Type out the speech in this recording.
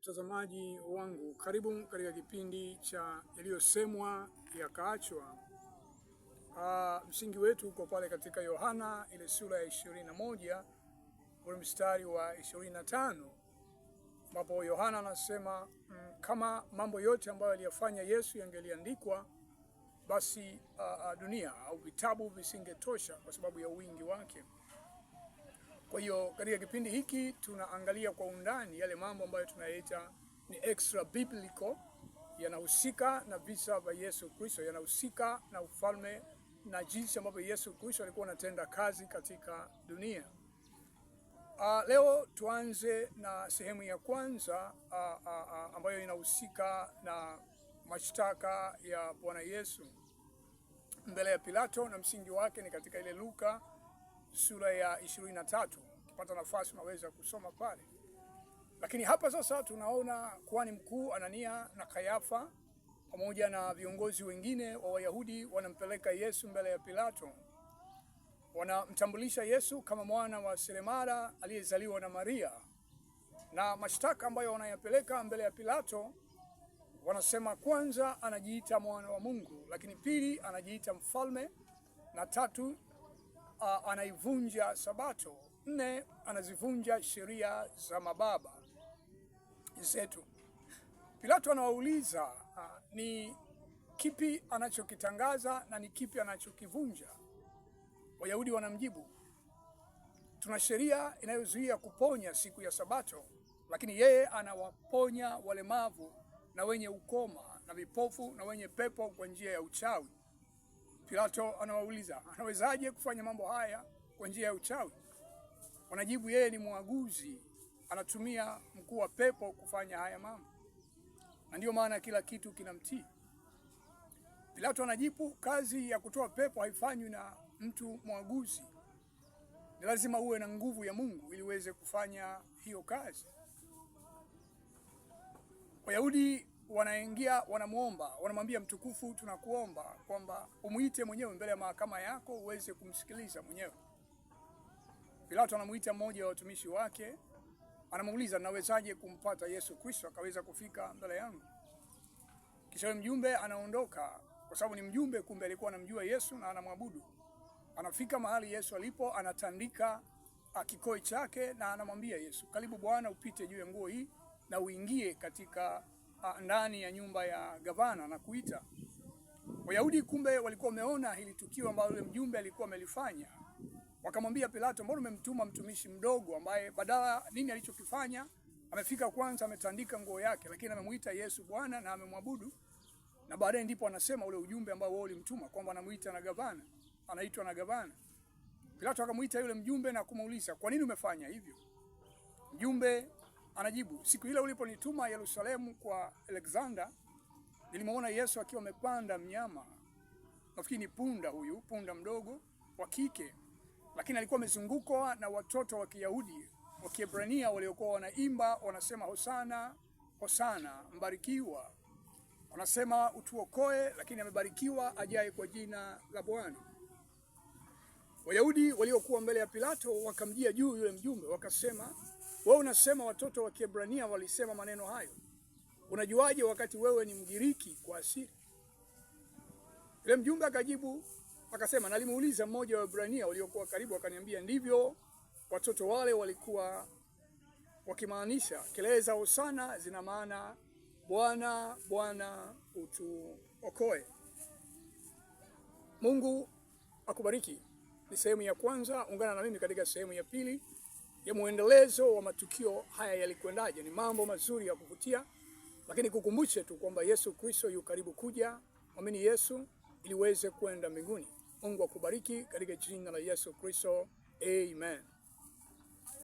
Mtazamaji wangu, karibu katika kipindi cha yaliyosemwa yakaachwa. Uh, msingi wetu uko pale katika Yohana ile sura ya ishirini na moja ule mstari wa ishirini na tano ambapo Yohana anasema mm, kama mambo yote ambayo aliyafanya Yesu yangeliandikwa basi uh, dunia au vitabu visingetosha kwa sababu ya wingi wake. Kwa hiyo katika kipindi hiki tunaangalia kwa undani yale mambo ambayo tunayaita ni extra biblical, yanahusika na visa vya Yesu Kristo, yanahusika na ufalme na jinsi ambavyo Yesu Kristo alikuwa anatenda kazi katika dunia. Uh, leo tuanze na sehemu ya kwanza uh, uh, uh, ambayo inahusika na mashtaka ya Bwana Yesu mbele ya Pilato na msingi wake ni katika ile Luka sura ya ishirini na tatu. Ukipata nafasi unaweza kusoma pale. Lakini hapa sasa tunaona kuhani mkuu Anania na Kayafa pamoja na viongozi wengine wa Wayahudi wanampeleka Yesu mbele ya Pilato. Wanamtambulisha Yesu kama mwana wa seremala aliyezaliwa na Maria, na mashtaka ambayo wanayapeleka mbele ya Pilato wanasema, kwanza, anajiita mwana wa Mungu, lakini pili, anajiita mfalme, na tatu uh, anaivunja Sabato. Nne, anazivunja sheria za mababa zetu. Pilato anawauliza uh, ni kipi anachokitangaza na ni kipi anachokivunja? Wayahudi wanamjibu, tuna sheria inayozuia kuponya siku ya Sabato, lakini yeye anawaponya walemavu na wenye ukoma na vipofu na wenye pepo kwa njia ya uchawi. Pilato anawauliza anawezaje kufanya mambo haya kwa njia ya uchawi? Wanajibu yeye ni mwaguzi, anatumia mkuu wa pepo kufanya haya mambo, na ndiyo maana kila kitu kinamtii. Pilato anajibu, kazi ya kutoa pepo haifanywi na mtu mwaguzi, ni lazima uwe na nguvu ya Mungu ili uweze kufanya hiyo kazi. Wayahudi wanaingia wanamuomba wanamwambia mtukufu, tunakuomba kwamba umuite mwenyewe mbele ya mahakama yako uweze kumsikiliza mwenyewe. Pilato anamuita mmoja wa watumishi wake, anamuuliza nawezaje kumpata Yesu Kristo akaweza kufika mbele yangu? Kisha mjumbe anaondoka, kwa sababu ni mjumbe, kumbe alikuwa anamjua Yesu na anamwabudu. Anafika mahali Yesu alipo, anatandika kikoi chake na anamwambia Yesu, karibu Bwana, upite juu ya nguo hii na uingie katika ndani ya nyumba ya gavana na kuita Wayahudi. Kumbe walikuwa wameona hili tukio ambalo yule mjumbe alikuwa amelifanya, wakamwambia Pilato, mbona umemtuma mtumishi mdogo ambaye badala nini alichokifanya amefika kwanza, ametandika nguo yake, lakini amemuita Yesu Bwana na amemwabudu. Na baadaye ndipo anasema ule ujumbe ambao wao ulimtuma kwamba anamuita na gavana, anaitwa na gavana. Pilato akamuita yule mjumbe na kumuuliza, kwa nini umefanya hivyo? Mjumbe Anajibu, siku ile uliponituma Yerusalemu kwa Alexander, nilimwona Yesu akiwa amepanda mnyama, nafikiri ni punda, huyu punda mdogo wa kike, lakini alikuwa amezungukwa na watoto wa Kiyahudi wa Kiebrania waliokuwa wanaimba wanasema, hosana hosana, mbarikiwa. Wanasema utuokoe, lakini amebarikiwa ajaye kwa jina la Bwana. Wayahudi waliokuwa mbele ya Pilato wakamjia juu yule mjumbe, wakasema wewe unasema watoto wa Kiebrania walisema maneno hayo, unajuaje wakati wewe ni Mgiriki kwa asili? Yule mjumbe akajibu akasema, nalimuuliza mmoja wa Waebrania waliokuwa karibu, akaniambia ndivyo watoto wale walikuwa wakimaanisha. Kelele za hosana zina maana Bwana, Bwana utuokoe. Mungu akubariki. Ni sehemu ya kwanza, ungana na mimi katika sehemu ya pili ya mwendelezo wa matukio haya yalikwendaje. Ni mambo mazuri ya kuvutia, lakini kukumbushe tu kwamba Yesu Kristo yu karibu kuja. Mwamini Yesu ili uweze kwenda mbinguni. Mungu akubariki katika jina la Yesu Kristo, amen.